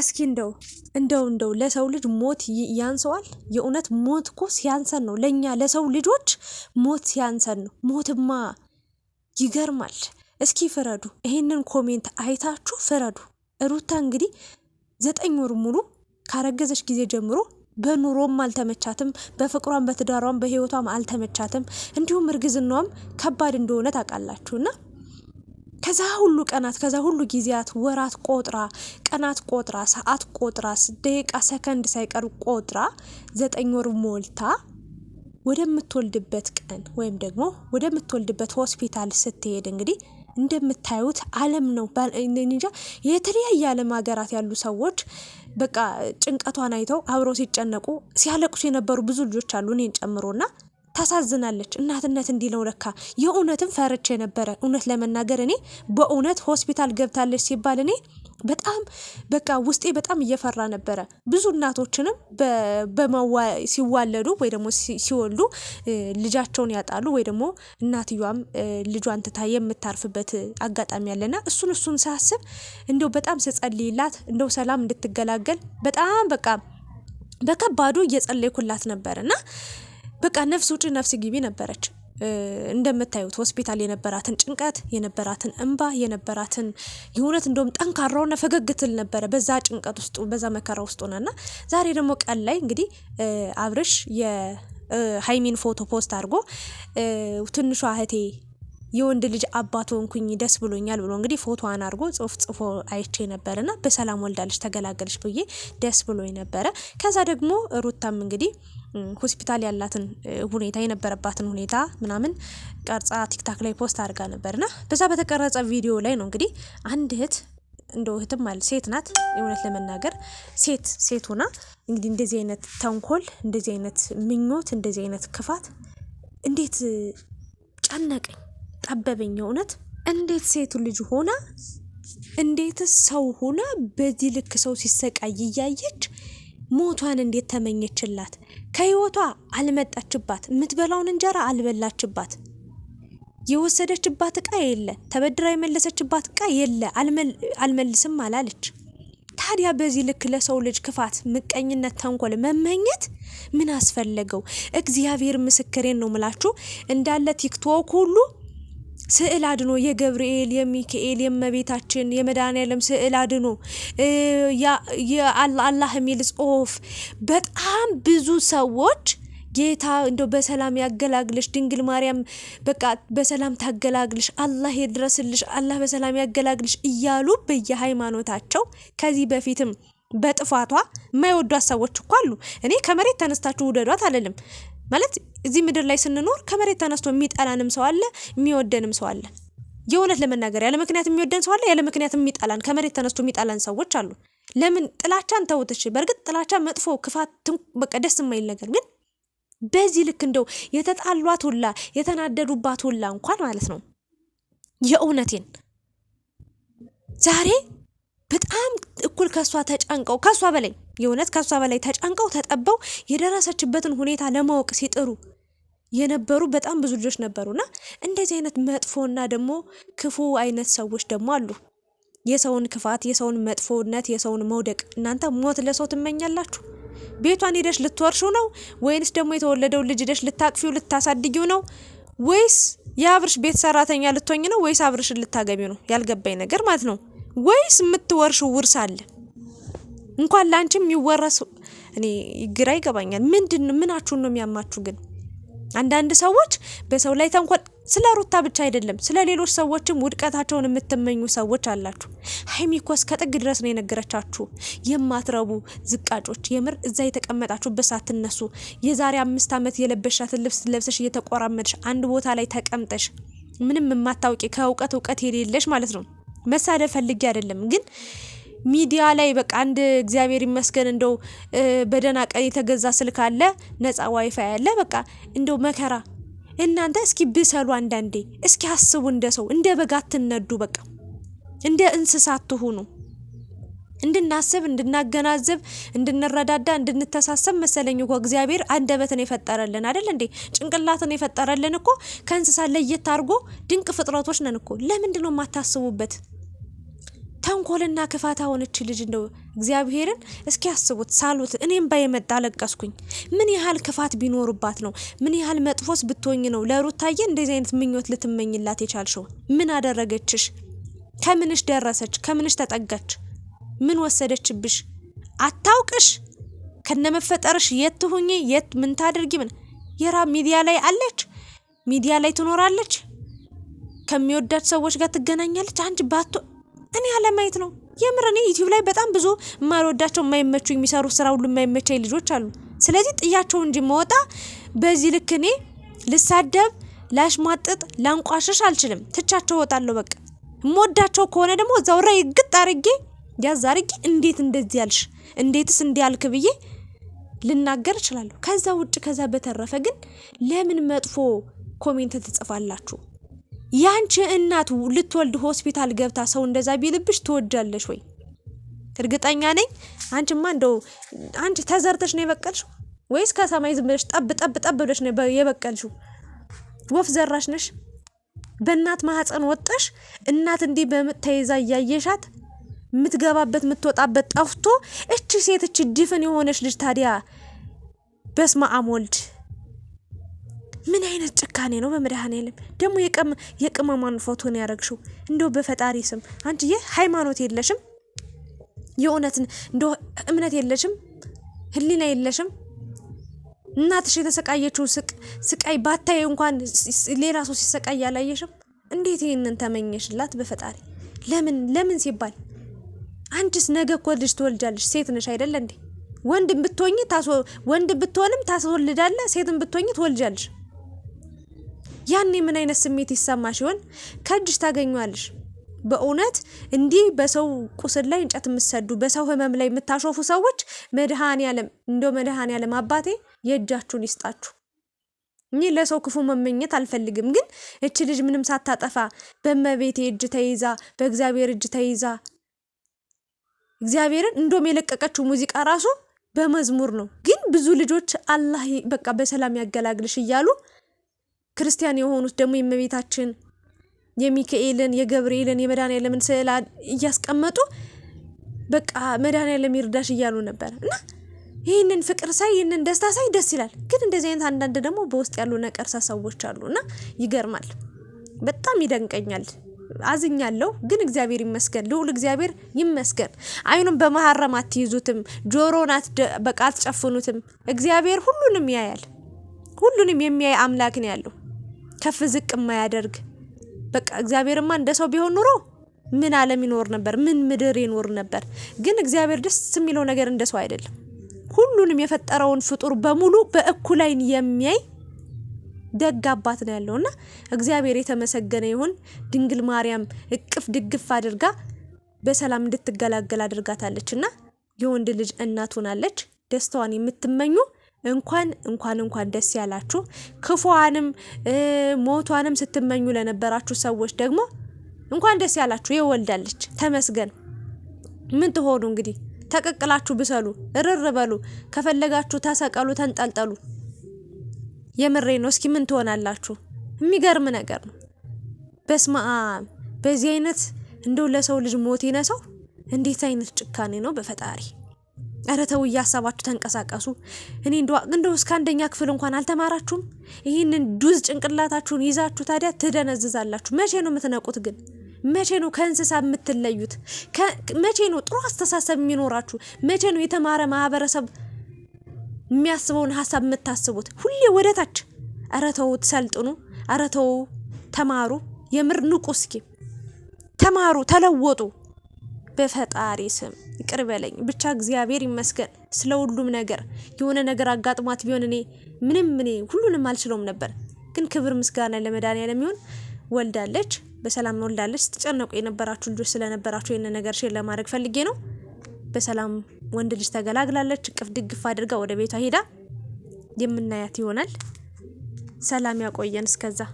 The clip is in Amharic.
እስኪ እንደው እንደው እንደው ለሰው ልጅ ሞት ያንሰዋል? የእውነት ሞት እኮ ሲያንሰን ነው ለእኛ ለሰው ልጆች ሞት ሲያንሰን ነው። ሞትማ ይገርማል። እስኪ ፍረዱ። ይሄንን ኮሜንት አይታችሁ ፍረዱ። ሩታ እንግዲህ ዘጠኝ ወር ሙሉ ካረገዘች ጊዜ ጀምሮ በኑሮም አልተመቻትም፣ በፍቅሯም፣ በትዳሯም፣ በህይወቷም አልተመቻትም። እንዲሁም እርግዝናዋም ከባድ እንደሆነ ታውቃላችሁና ከዛ ሁሉ ቀናት ከዛ ሁሉ ጊዜያት ወራት ቆጥራ ቀናት ቆጥራ ሰዓት ቆጥራ ደቂቃ ሰከንድ ሳይቀር ቆጥራ ዘጠኝ ወር ሞልታ ወደምትወልድበት ቀን ወይም ደግሞ ወደምትወልድበት ሆስፒታል ስትሄድ እንግዲህ እንደምታዩት ዓለም ነው እንጃ የተለያየ ዓለም ሀገራት ያሉ ሰዎች በቃ ጭንቀቷን አይተው አብረው ሲጨነቁ ሲያለቅሱ የነበሩ ብዙ ልጆች አሉ እኔን ጨምሮና ታሳዝናለች። እናትነት እንዲለው ለካ የእውነትም ፈርቼ ነበረ። እውነት ለመናገር እኔ በእውነት ሆስፒታል ገብታለች ሲባል እኔ በጣም በቃ ውስጤ በጣም እየፈራ ነበረ። ብዙ እናቶችንም ሲዋለዱ ወይ ደግሞ ሲወልዱ ልጃቸውን ያጣሉ ወይ ደግሞ እናትየዋም ልጇን ትታ የምታርፍበት አጋጣሚ ያለና እሱን እሱን ሳስብ እንደው በጣም ስጸልይላት እንደው ሰላም እንድትገላገል በጣም በቃ በከባዱ እየጸለይኩላት ነበር እና በቃ ነፍስ ውጭ ነፍስ ግቢ ነበረች። እንደምታዩት ሆስፒታል የነበራትን ጭንቀት፣ የነበራትን እንባ፣ የነበራትን የእውነት እንደውም ጠንካራ ሆና ፈገግ ትል ነበረ በዛ ጭንቀት ውስጥ በዛ መከራ ውስጥ ሆናና ዛሬ ደግሞ ቀን ላይ እንግዲህ አብርሽ የሀይሚን ፎቶ ፖስት አድርጎ ትንሿ እህቴ የወንድ ልጅ አባት ሆንኩኝ ደስ ብሎኛል ብሎ እንግዲህ ፎቶዋን አድርጎ ጽሁፍ ጽፎ አይቼ ነበርና በሰላም ወልዳለች ተገላገለች ብዬ ደስ ብሎ ነበረ። ከዛ ደግሞ ሩታም እንግዲህ ሆስፒታል ያላትን ሁኔታ የነበረባትን ሁኔታ ምናምን ቀርጻ ቲክታክ ላይ ፖስት አድርጋ ነበርና በዛ በተቀረጸ ቪዲዮ ላይ ነው እንግዲህ አንድ እህት እንደ እህትም ማለት ሴት ናት። እውነት ለመናገር ሴት ሴት ሆና እንግዲህ እንደዚህ አይነት ተንኮል፣ እንደዚህ አይነት ምኞት፣ እንደዚህ አይነት ክፋት እንዴት ጨነቀኝ ጠበበኝ እውነት። እንዴት ሴቱ ልጅ ሆና እንዴትስ ሰው ሆና በዚህ ልክ ሰው ሲሰቃይ እያየች ሞቷን እንዴት ተመኘችላት? ከህይወቷ አልመጣችባት፣ የምትበላውን እንጀራ አልበላችባት፣ የወሰደችባት እቃ የለ፣ ተበድራ የመለሰችባት እቃ የለ፣ አልመልስም አላለች። ታዲያ በዚህ ልክ ለሰው ልጅ ክፋት፣ ምቀኝነት፣ ተንኮል መመኘት ምን አስፈለገው? እግዚአብሔር ምስክሬን ነው ምላችሁ እንዳለ ቲክቶክ ሁሉ ስዕል አድኖ የገብርኤል የሚካኤል የእመቤታችን የመድኃኒዓለም ስዕል አድኖ አላህ የሚል ጽሁፍ በጣም ብዙ ሰዎች ጌታ እንደ በሰላም ያገላግልሽ፣ ድንግል ማርያም በቃ በሰላም ታገላግልሽ፣ አላህ የድረስልሽ፣ አላህ በሰላም ያገላግልሽ እያሉ በየሃይማኖታቸው ከዚህ በፊትም በጥፋቷ የማይወዷት ሰዎች እኮ አሉ። እኔ ከመሬት ተነስታችሁ ውደዷት አለልም። ማለት እዚህ ምድር ላይ ስንኖር ከመሬት ተነስቶ የሚጠላንም ሰው አለ፣ የሚወደንም ሰው አለ። የእውነት ለመናገር ያለ ምክንያት የሚወደን ሰው አለ፣ ያለ ምክንያት የሚጠላን ከመሬት ተነስቶ የሚጠላን ሰዎች አሉ። ለምን ጥላቻን ተውትሽ። በእርግጥ ጥላቻ መጥፎ፣ ክፋት፣ በቃ ደስ የማይል ነገር ግን በዚህ ልክ እንደው የተጣሏት ሁላ የተናደዱባት ሁላ እንኳን ማለት ነው የእውነቴን ዛሬ በጣም እኩል ከእሷ ተጨንቀው ከእሷ በላይ የእውነት ከሷ በላይ ተጨንቀው ተጠበው የደረሰችበትን ሁኔታ ለማወቅ ሲጥሩ የነበሩ በጣም ብዙ ልጆች ነበሩና እንደዚህ አይነት መጥፎና ደግሞ ክፉ አይነት ሰዎች ደግሞ አሉ። የሰውን ክፋት፣ የሰውን መጥፎነት፣ የሰውን መውደቅ። እናንተ ሞት ለሰው ትመኛላችሁ? ቤቷን ሄደሽ ልትወርሹ ነው ወይንስ ደግሞ የተወለደው ልጅ ሄደሽ ልታቅፊው ልታሳድጊው ነው ወይስ የአብርሽ ቤት ሰራተኛ ልትሆኝ ነው ወይስ አብርሽን ልታገቢው ነው? ያልገባኝ ነገር ማለት ነው። ወይስ የምትወርሽው ውርስ አለ እንኳን ለአንቺም የሚወረስ እኔ ግራ ይገባኛል። ምንድን ምናችሁን ነው የሚያማችሁ? ግን አንዳንድ ሰዎች በሰው ላይ ተንኮል ስለ ሩታ ብቻ አይደለም ስለ ሌሎች ሰዎችም ውድቀታቸውን የምትመኙ ሰዎች አላችሁ። ሀይሚ እኮ እስከ ጥግ ድረስ ነው የነገረቻችሁ። የማትረቡ ዝቃጮች፣ የምር እዛ የተቀመጣችሁበት ሳትነሱ የዛሬ አምስት ዓመት የለበሻትን ልብስ ለብሰሽ እየተቆራመድሽ አንድ ቦታ ላይ ተቀምጠሽ ምንም የማታውቂ ከእውቀት እውቀት የሌለሽ ማለት ነው። መሳደብ ፈልጌ አይደለም ግን ሚዲያ ላይ በቃ አንድ እግዚአብሔር ይመስገን እንደው በደህና ቀን የተገዛ ስልክ አለ፣ ነፃ ዋይፋይ አለ። በቃ እንደው መከራ እናንተ እስኪ ብሰሉ አንዳንዴ እስኪ አስቡ። እንደ ሰው እንደ በግ አትነዱ። በቃ እንደ እንስሳ ትሁኑ። እንድናስብ፣ እንድናገናዘብ፣ እንድንረዳዳ፣ እንድንተሳሰብ መሰለኝ እኮ እግዚአብሔር አንደበትን የፈጠረልን አይደል እንዴ? ጭንቅላትን የፈጠረልን እኮ ከእንስሳ ለየት አድርጎ ድንቅ ፍጥረቶች ነን እኮ። ለምንድን ነው የማታስቡበት? ተንኮልና ክፋት ሆነች ልጅ እንደው እግዚአብሔርን እስኪ ያስቡት ሳሉት እኔም ባይመጣ አለቀስኩኝ። ምን ያህል ክፋት ቢኖርባት ነው? ምን ያህል መጥፎስ ብትሆኝ ነው ለሩታዬ እንደዚህ አይነት ምኞት ልትመኝላት የቻልሽው? ምን አደረገችሽ? ከምንሽ ደረሰች? ከምንሽ ተጠጋች? ምን ወሰደችብሽ? አታውቅሽ ከነመፈጠርሽ የት ትሁኚ የት ምን ታደርጊ? ምን የራ ሚዲያ ላይ አለች፣ ሚዲያ ላይ ትኖራለች፣ ከሚወዳት ሰዎች ጋር ትገናኛለች። አንቺ ባቶ እኔ አለማየት ነው የምር። እኔ ዩቲዩብ ላይ በጣም ብዙ የማልወዳቸው የማይመቹ የሚሰሩ ስራ ሁሉ የማይመቸኝ ልጆች አሉ። ስለዚህ ጥያቸው እንጂ መወጣ በዚህ ልክ እኔ ልሳደብ፣ ላሽሟጥጥ፣ ላንቋሸሽ አልችልም። ትቻቸው እወጣለሁ። በቃ የምወዳቸው ከሆነ ደግሞ እዛው ላይ ግጥ አርጌ ያዝ አርጌ እንዴት እንደዚህ ያልሽ እንዴትስ እንዲያልክ ብዬ ልናገር እችላለሁ። ከዛ ውጭ ከዛ በተረፈ ግን ለምን መጥፎ ኮሜንት ትጽፋላችሁ? ያንቺ እናት ልትወልድ ሆስፒታል ገብታ ሰው እንደዛ ቢልብሽ ትወጃለሽ ወይ? እርግጠኛ ነኝ አንቺማ እንደው አንቺ ተዘርተሽ ነው የበቀልሽው ወይስ ከሰማይ ዝም ብለሽ ጠብ ጠብ ጠብ ብለሽ ነው የበቀልሽው? ወፍ ዘራሽ ነሽ። በእናት ማህፀን ወጠሽ እናት እንዲህ በምትይዛ እያየሻት የምትገባበት የምትወጣበት ጠፍቶ እቺ ሴት እቺ ድፍን የሆነች ልጅ ታዲያ በስመ አብ ወልድ ምን አይነት ጭካኔ ነው? በመድኃኔዓለም ደግሞ የቅመሟን ፎቶ ነው ያደረግሽው። እንደው በፈጣሪ ስም አንቺ ሃይማኖት የለሽም፣ የእውነት እንደው እምነት የለሽም፣ ህሊና የለሽም። እናትሽ የተሰቃየችው ስቃይ ባታይ እንኳን ሌላ ሰው ሲሰቃይ አላየሽም። እንዴት ይህንን ተመኘሽላት? በፈጣሪ ለምን ለምን ሲባል አንቺስ ነገ እኮ ልጅ ትወልጃለሽ። ሴት ነሽ አይደለ እንዴ? ወንድ ብትሆኝ ወንድ ብትሆንም ታስወልዳለ፣ ሴትም ብትሆኝ ትወልጃለሽ። ያኔ ምን አይነት ስሜት ይሰማሽ ይሆን? ከእጅሽ ታገኟለሽ። በእውነት እንዲህ በሰው ቁስል ላይ እንጨት የምትሰዱ በሰው ህመም ላይ የምታሾፉ ሰዎች መድኃኔ ዓለም እንደው መድኃኔ አባቴ የእጃችሁን ይስጣችሁ። እኔ ለሰው ክፉ መመኘት አልፈልግም፣ ግን እች ልጅ ምንም ሳታጠፋ በእመቤቴ እጅ ተይዛ በእግዚአብሔር እጅ ተይዛ እግዚአብሔርን እንደውም የለቀቀችው ሙዚቃ ራሱ በመዝሙር ነው። ግን ብዙ ልጆች አላህ በቃ በሰላም ያገላግልሽ እያሉ ክርስቲያን የሆኑት ደግሞ የእመቤታችን የሚካኤልን የገብርኤልን የመድኃኔዓለምን ስዕል እያስቀመጡ በቃ ለም ይርዳሽ እያሉ ነበር እና ይህንን ፍቅር ሳይ ይህንን ደስታ ሳይ ደስ ይላል። ግን እንደዚህ አይነት አንዳንድ ደግሞ በውስጥ ያሉ ነቀርሳ ሰዎች አሉ እና ይገርማል። በጣም ይደንቀኛል። አዝኛለሁ ግን እግዚአብሔር ይመስገን፣ ልዑል እግዚአብሔር ይመስገን። አይኑን በመሀረም አትይዙትም፣ ጆሮን በቃ አትጨፍኑትም። እግዚአብሔር ሁሉንም ያያል። ሁሉንም የሚያይ አምላክ ነው ያለው። ከፍ ዝቅ የማያደርግ በቃ እግዚአብሔርማ እንደ ሰው ቢሆን ኑሮ ምን ዓለም ይኖር ነበር? ምን ምድር ይኖር ነበር? ግን እግዚአብሔር ደስ የሚለው ነገር እንደ ሰው አይደለም። ሁሉንም የፈጠረውን ፍጡር በሙሉ በእኩል ዓይን የሚያይ ደግ አባት ነው እና እግዚአብሔር የተመሰገነ ይሁን። ድንግል ማርያም እቅፍ ድግፍ አድርጋ በሰላም እንድትገላገል አድርጋታለች እና የወንድ ልጅ እናት ሆናለች። ደስታዋን የምትመኙ እንኳን እንኳን እንኳን ደስ ያላችሁ። ክፉዋንም ሞቷንም ስትመኙ ለነበራችሁ ሰዎች ደግሞ እንኳን ደስ ያላችሁ። የወልዳለች ተመስገን። ምን ትሆኑ እንግዲህ ተቀቅላችሁ ብሰሉ፣ እርር በሉ፣ ከፈለጋችሁ ተሰቀሉ፣ ተንጠልጠሉ። የምሬ ነው። እስኪ ምን ትሆናላችሁ? የሚገርም ነገር ነው። በስመ አብ በዚህ አይነት እንደው ለሰው ልጅ ሞት ይነሳው። እንዴት አይነት ጭካኔ ነው በፈጣሪ እረ ተው ተንቀሳቀሱ። እኔ እንደው እስከ አንደኛ ክፍል እንኳን አልተማራችሁም? ይህንን ዱዝ ጭንቅላታችሁን ይዛችሁ ታዲያ ትደነዝዛላችሁ። መቼ ነው የምትነቁት ግን? መቼ ነው ከእንስሳ የምትለዩት? መቼ ነው ጥሩ አስተሳሰብ የሚኖራችሁ? መቼ ነው የተማረ ማህበረሰብ የሚያስበውን ሀሳብ የምታስቡት? ሁሌ ወደ ታች። እረ ተው ትሰልጥኑ። ተው ተማሩ። የምር ንቁ። እስኪ ተማሩ፣ ተለወጡ በፈጣሪ ስም። ይቅር በለኝ ብቻ እግዚአብሔር ይመስገን ስለ ሁሉም ነገር። የሆነ ነገር አጋጥሟት ቢሆን እኔ ምንም እኔ ሁሉንም አልችለውም ነበር። ግን ክብር ምስጋና ለመድኃኒዓለም ይሁን። ወልዳለች፣ በሰላም ወልዳለች። ስትጨነቁ የነበራችሁ ልጆች ስለነበራችሁ ይህን ነገር ሼር ለማድረግ ፈልጌ ነው። በሰላም ወንድ ልጅ ተገላግላለች። እቅፍ ድግፍ አድርጋ ወደ ቤቷ ሄዳ የምናያት ይሆናል። ሰላም ያቆየን እስከዛ